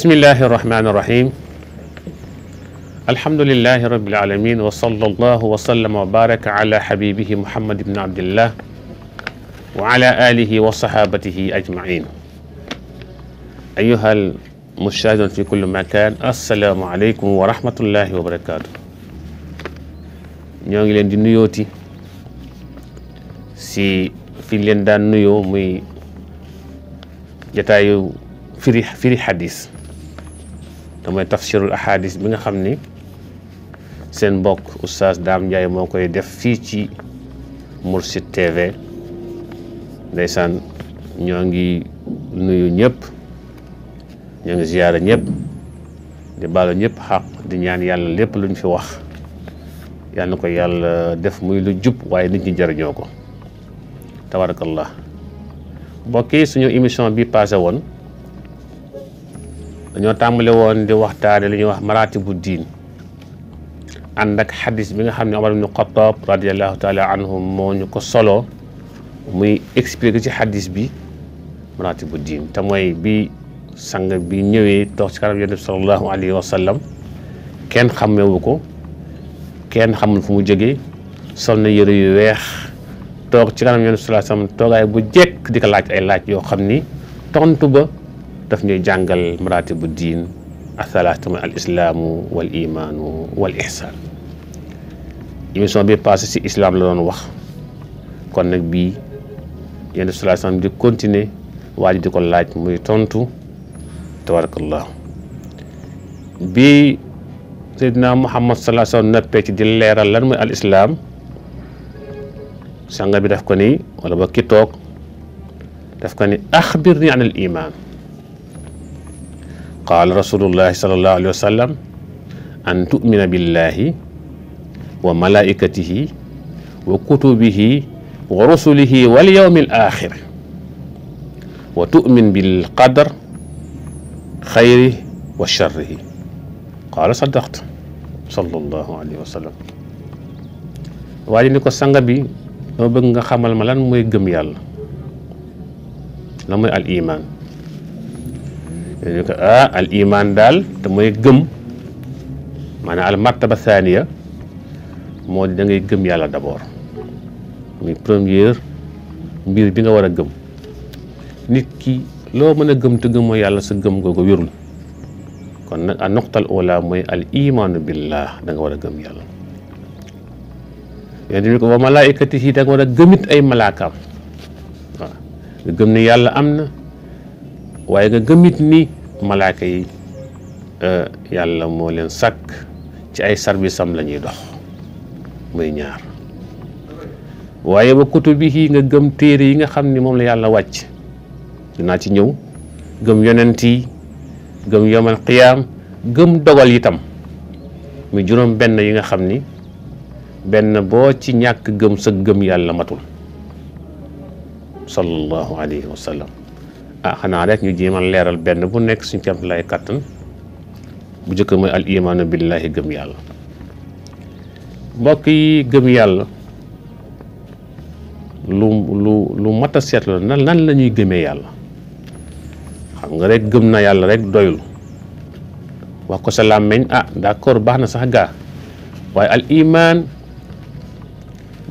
bismillahi irrahmani irrahim alhamdulilahi rabilalamin wa sala allahu wa sallama wa baraka ala habibihi muhammad ibni abdillah wa ala alihi wa sahabatihi ajmain ayuha al mushahidun fi kulli makan assalaamu aleykum wa rahmatullahi wa barakatu ñoo ngi leen di nuyooti si fi leen daan nuyoo muy jataayu firi firi xadis te mooy tafsirul ahadis bi nga xam ni seen mbokk oustaz Dame Ndiaye moo koy def fii ci Mourchid TV ndeysaan ñoo ngi nuyu ñëpp ñoo ngi ziyaara ñëpp di baalu ñëpp xaq di ñaan yàlla lépp luñ fi wax yàlla ko yàlla def muy lu jub waaye nit ñi jëriñoo ko tabarakallah mbokk yi suñu émission bi passé woon dañoo tàmbale woon di waxtaane li ñuy wax maratibu diin ànd ak xadis bi nga xam ne ma ibnu Xataab radiallahu taala anhu moo ñu ko solo muy expliqué ci xadis bi maratibu diin te mooy bi sang bi ñëwee toog si kanam yonent bi salallahu sallam kenn xamewu ko kenn xamul fu mu jógee sol na yëre yu weex toog ci kanam yonent toogaay bu jekk di ko laaj ay laaj yoo xam ni tontu ba daf ñuy jàngal maratibu diin athalaata mooy al islaamu wal imaanu wal ci islam la wax kon nag bii yenn sula sam di continuer waa di ko laaj muy tontu tabarakallah bi seydina muhammad salaa sallam noppee di leeral lan mooy al islaam sanga bi daf ko ni wala ba ki toog daf ko ni axbir ni an al iman qaala rasulullahi sallallahu alayhi wa sallam an tumina billahi wa malaikatihi wa kutubihi wa rusulihi wal yawmi al axir wa tumin bil qadar xayri wa charrihi qaala sadaqta sallallahu alayhi wa sallam waa ji ni ko sanga bi dama bëgg nga xamal ma lan mooy gëm yàlla lan mooy al iman ñu ko ah al iman daal te mooy gëm maanaam al martaba thaniya moo di da gëm yàlla d'abord muy première mbir bi nga war a gëm nit ki loo mën a gëm te gëmoo yàlla sa gëm ko wérul kon nag a noqtal ola mooy al imaanu billah da war a gëm yàlla yéen tamit war a gëmit ay malaakaam waaw nga gëm ne yàlla am na waaye nga gëmit ni malaaka yi euh, yàlla moo leen sàkk ci ay sarbisam lañuy dox muy ñaar waaye bi kutubihi nga gëm téere yi nga xam ni moom la yàlla wàcc dinaa ci ñëw gëm yonent yi gëm yomal qiyaam gëm dogal itam mu juróom benn yi nga xam ni benn boo ci ñàkk gëm sa gëm yàlla matul sallallahu alayhi wa ah xanaa rek ñu jéemal leeral benn bu nekk suñ kemt lay kàttan bu njëkk mooy al imaanu billaahi gëm yàlla mbokk yi gëm yàlla lu lu lu mat a seetlu la nan nan la ñuy gëmee yàlla xam nga rek gëm na yàlla rek doyul wax ko sa làmmiñ ah d'accord baax na sax gaa waaye al imaan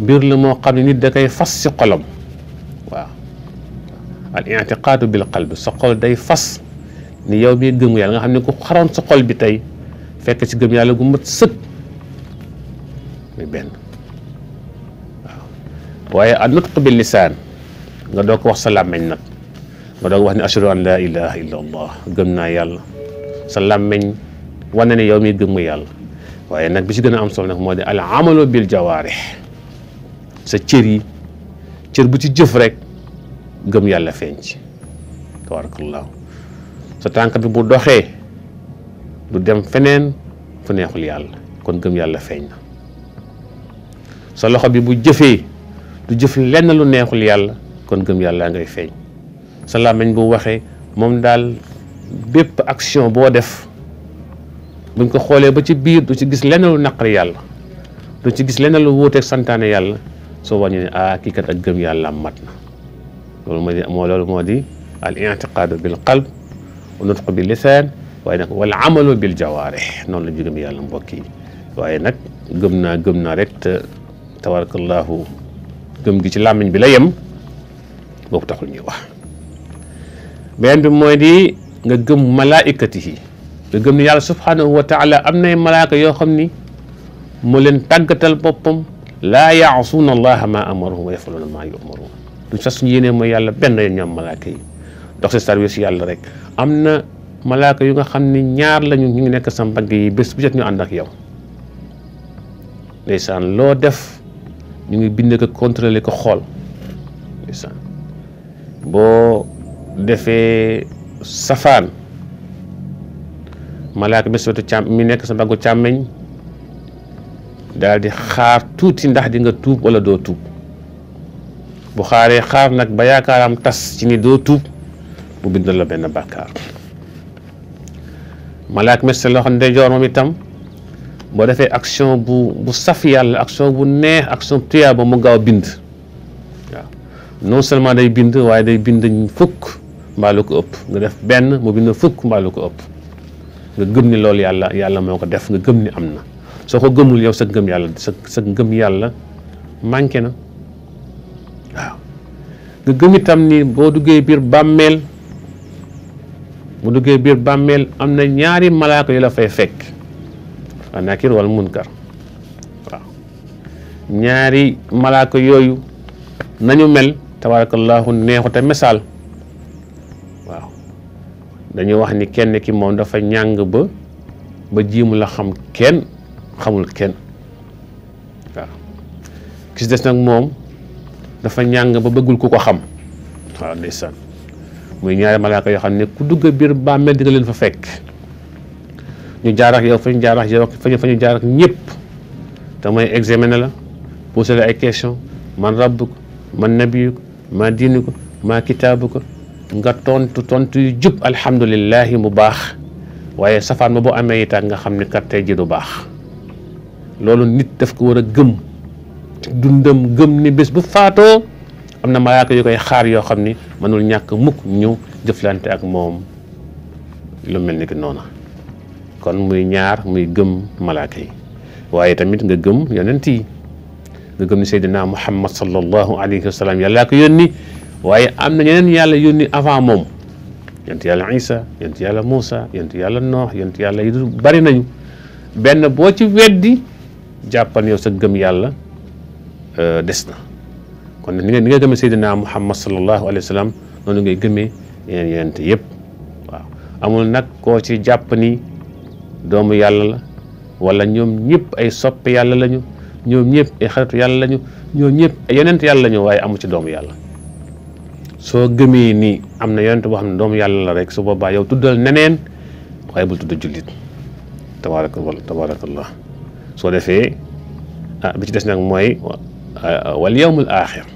mbir la moo xam ne nit da koy fas ci xolam al intiqaadu bil qalbi sa xol day fas ni yow mii gëm yàlla nga xam ne ku xaroon sa xol bi tey fekk ci gëm yàlla gu mat sëkk muy benn waaw waaye an nutq bil lisaan nga doo ko wax sa làmmeñ nag nga doo ko wax ne ashhadu an laa ilaha illa allah gëm naa yàlla sa làmmeñ wane ne yow mii gëm nga yàlla waaye nag bi ci gën a am solo nag moo di al amalu bil jawaarih sa cër yi cër bu ci jëf rek gëm yàlla feeñ ci tabarakallahu sa tànk bi bu doxee du dem feneen fu neexul yàlla kon gëm yàlla feeñ na sa loxo bi bu jëfee du jëf lenn lu neexul yàlla kon gëm yàlla ngay feeñ sa làmmiñ bu waxee moom daal bépp action boo def buñ ko xoolee ba ci biir du ci gis lenn lu naqari yàlla du ci gis lenn lu wuuteeg santaane yàlla soo wàññi ne ah kii kat ak gëm yàlla mat na loolu mooy moo loolu moo di al noonu la ñu gëm yàlla mbokk yi waaye nag gëm naa gëm naa rek te tabarakallahu gëm gi ci làmmiñ bi la yem boobu taxul ñuy wax beneen bi mooy di nga gëm malaikatihi nga gëm yàlla subhanahu wa malaaka yoo xam ni moo leen tàggatal boppam laa yaasuuna allaha ma amaruhum wa yafaluuna ma yumaruun lu sax suñu yéenee mooy yàlla benn yoon ñoom malaaka yi dox si service yàlla rek am na malaaka yu nga xam ni ñaar lañu ñu ngi nekk sa mbagg yi bés bu jot ñu ànd ak yow ndeysaan loo def ñu ngi bind ko contrôler ko xool ndeysaan boo defee safaan malaaka bés wetu càmm mi nekk sa mbaggu càmmeñ daal di xaar tuuti ndax di nga tuub wala doo tuub bu xaaree xaar nag ba yaakaaram tas ci ni doo tuub mu bindal la benn bàkkaar malaak mes sa loxo ndeyjoor moom itam boo defee action bu bu saf yàlla action bu neex action tuyaaba mu gaaw bind waaw non seulement day bind waaye day bind fukk mbaa ko ëpp nga def benn mu bind fukk mbaa ko ëpp nga gëm ni loolu yàlla yàlla moo ko def nga gëm ni am na soo ko gëmul yow sa ngëm yàlla sa sa ngëm yàlla manqué na nga gëm itam ni boo duggee biir bàmmeel bu duggee biir bàmmeel am na ñaari malaaka yu la fay fekk anakir wal munkar waaw ñaari malaaka yooyu nañu mel tabarakallahu neexu te misaal waaw dañuy wax ni kenn ki moom dafa ñàng ba ba jiimu la xam kenn xamul kenn waaw kis des nag moom dafa ñàng ba bëggul ku ko xam muy ñaari malaaka yoo xam ne ku dugg biir bàmmeel di nga leen fa fekk ñu jaar yow fa ñu jaar ak yow fa ñu fa ñu jaar ak ñëpp te mooy examiné la posé la ay question man rabbuk man nabiyuk ma diinuk ma kitaabuk nga tontu tontu yu jub alhamdulillahi mu baax waaye safaan ba boo amee itam nga xam ne kat tey ji du baax loolu nit daf ko war a gëm dundam gëm ni bés bu faatoo am na malaaka yu koy xaar yoo xam ni mënul ñàkk mukk ñu jëflante ak moom lu mel ni ki noona kon muy ñaar muy gëm malaaka yi waaye tamit nga gëm yonent yi nga gëm ni Seydina Muhammad sallallahu alayhi wa sallam yàllaa ko yónni waaye am na ñeneen yàlla yónni avant moom yonent yàlla Isa yonent yàlla Moussa yonent yàlla Noox yonent yàlla yi bari nañu benn boo ci weddi jàppan yow sa gëm yàlla Euh, des na kon ni nga ni nga gëmee Seydina Muhammad sallallahu alayhi wa sallam noonu ngay gëmee yeneen yonent yëpp amul nag koo ci jàpp ni doomu yàlla la wala ñoom ñëpp ay soppe yàlla lañu ñoom ñëpp ay xaritu yàlla lañu ñoom ñëpp ay yonent yàlla lañu waaye amu ci doomu yàlla soo gëmee ni am na yonent boo xam ne doomu yàlla la rek su boobaa yow tuddal neneen waaye bul tudd jullit tabaaraka tabaarakallah soo defee ah, bi ci des nag mooy Euh, wal yawmul aaxir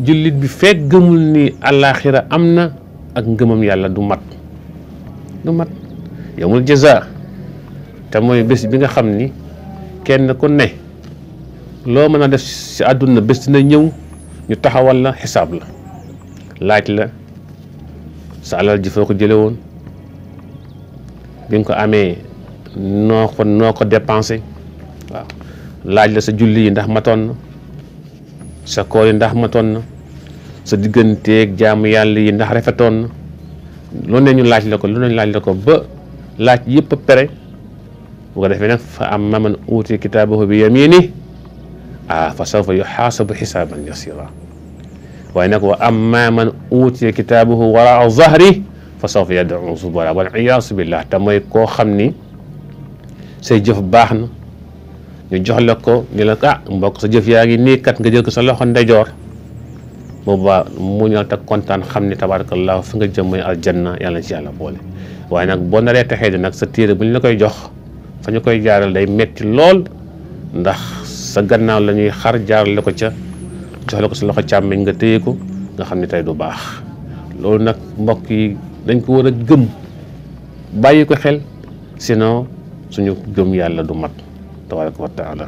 jullit bi fekk gëmul ni àllaaxira am na ak ngëmam yàlla du mat du mat yomul jazaa te mooy bés bi nga xam ni kenn ku ne loo mën a def ci àdduna bés dina ñëw ñu taxawal la xisaab la laaj la sa alal ji ko jële woon bi nga ko amee noo ko noo ko dépensé waaw laaj la sa julli yi ndax matoon na sa koor yi ndax matoon sa digganteeg jaamu yàlla ndax rafetoon na loolu ne ñu laaj la ko lu ne ñu laaj la ko ba laaj yëpp pere ko defee nag fa ammaa man uutiya kitaabahu bi yamiinihi ah fa sawfa yuxaasabu xisaaban yasiira waaye nag wa ammaa man uutiya kitaabahu waraa zahri fa sawfa yad'uu subuuraa wal iyaazu billaah te mooy koo xam ni say jëf baax na ñu jox la ko ñu la ko ah mbokk sa jëf yaa ngi nii kat nga jël ko sa loxo ndeyjoor boobaa mu ñal te kontaan xam ni tabarakallah fu nga jëm mooy aljanna yàlla ci yàlla boole waaye nag boo naree texee di nag sa téere bu ñu la koy jox fa koy jaaral day metti lool ndax sa gannaaw la ñuy xar jaarale ko ca jox ko sa loxo càmmeñ nga téye ko nga xam ne tey du baax loolu nag mbokk yi dañ ko war a gëm bàyyi ko xel sinon suñu gëm yàlla du mat tabaraka wa taala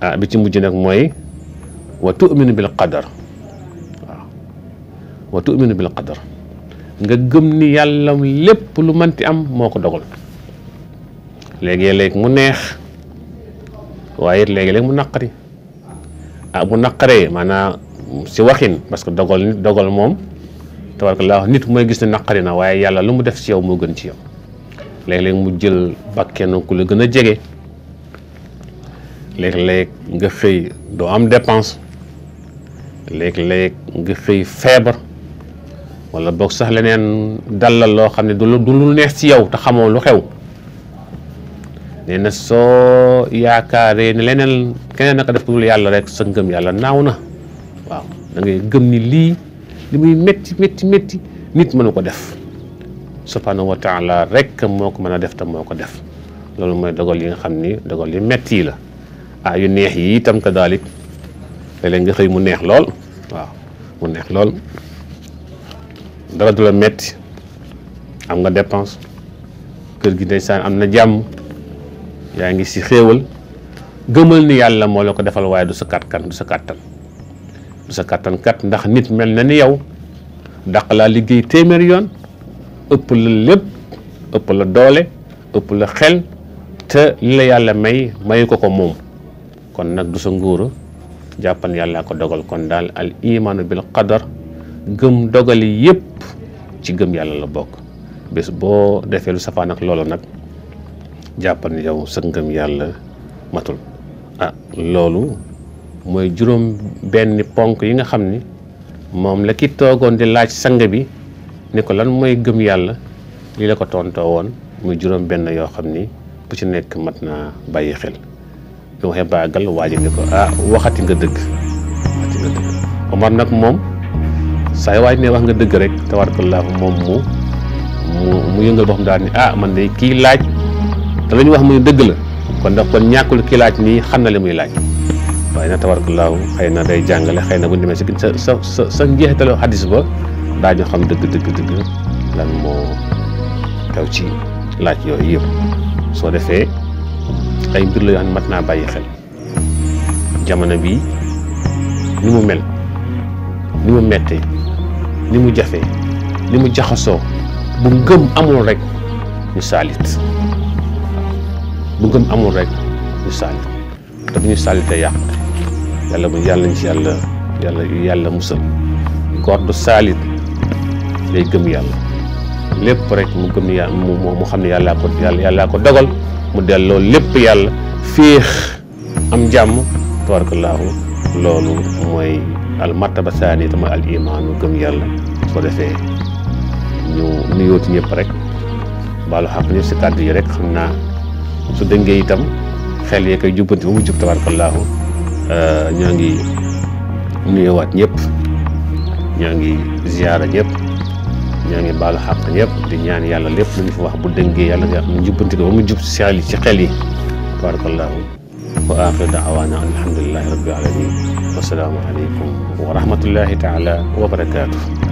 ah bi ci mujj nag mooy wa tuminu bil qadar waaw wa tuminu bil nga gëm ni yàlla lépp lu mënti am moo ko dogal léegi-léeg mu neex waaye it léegi-léeg mu naqari ah bu naqaree maanaam si waxin parce que dogal nit dogal moom tabarakallah nit mooy gis ne naqari na waaye yàlla lu mu def si yow moo gën ci yow léegi-léeg mu jël bakkenu ku la gën a jege léegi léeg nga xëy doo am dépense léegi léeg nga xëy feebar wala boog sax leneen dalal loo xam ne du lu du neex si yow te xamoo lu xew nee na soo yaakaaree ne leneen keneen naka def ko dul yàlla rek sa ngëm yàlla naaw na waaw da ngay gëm ni lii li muy metti métti métti nit mënu ko def subhanahu wa taala rek moo ko mën a def te moo ko def loolu mooy dogal yi nga xam ni dogal yi metti la ah yu neex yi itam ka daalik nga xëy mu neex lool waaw mu neex lool dara du la metti am nga dépense kër gi ndeysaan am na jàmm yaa ngi si xéewal gëmal ni yàlla moo la ko defal waaye du sa kàttan du sa kàttan ndax nit mel na ni yow daq laa liggéey téeméer yoon ëpp la lépp ëpp la doole ëpp la xel te li la yàlla may mayu ko ko moom kon nag du sa nguuru jàppan yàllaa ko dogal kon daal al imaanu bil qadar gëm dogali yépp ci gëm yàlla la bokk bés boo defee lu safaan ak loolu nag jàppan yow sa ngëm yàlla matul ah loolu mooy juróom benn ponk yi nga xam ni moom la ki toogoon di laaj sang bi ni ko lan mooy gëm yàlla lii la ko tontoo woon muy juróom benn yoo xam ni bu ci nekk mat naa bàyyi xel ko waxee baagal waa ji ne ko ah waxati nga dëgg waxati nga dëgg nag moom saa waaj ne wax nga dëgg rek tabarakallaahu moom mu mu mu yëngal boo xam daal ni ah man de kii laaj te la wax muy dëgg la kon ndax kon ñàkkul kii laaj nii xam na li muy laaj waaye nag tabarakallaahu xëy na day jàngale xëy na bu ñu demee si sa sa sa sa njeexitalu xadis ba daañu xam dëgg dëgg dëgg lan moo tew ci laaj yooyu yëpp ay mbir la yoo mat naa bàyyi xel jamono bii ni mu mel ni mu mettee ni mu jafee ni mu jaxasoo bu ngëm amul rek ñu saalit bu ngëm amul rek ñu saalit te bu ñu saalitee yàq yàlla bu yàlla ñu ci yàlla yàlla yàlla musal góor du saalit lay gëm yàlla lépp rek mu gëm yàlla mu mu xam ne yàllaa ko yàlla yàllaa ko dogal mu delloo lépp yàlla féex am jàmm tabarakallahu loolu mooy al martaba saani te al imaanu gëm yàlla soo defee ñu nuyooti ñëpp rek baalu xaq ñëpp si kàddu yi rek xam naa su dëngee itam xel yee koy jubbanti ba mu jub tabarakallahu euh, ñoo ngi nuyoowaat ñëpp ñoo ngi ziyaara ñëpp ñaa ngi baalu xàq ñëpp di ñaan yàlla lépp lu ñu fi wax bu dëngee yàlla nga xam ne jubbanti ko ba mu jub si xel yi ci xel yi tabarakallahu wa axiru daawaana alhamdulilahi rabbil alamin wasalaamu aleykum wa rahmatullahi taala wa barakaatu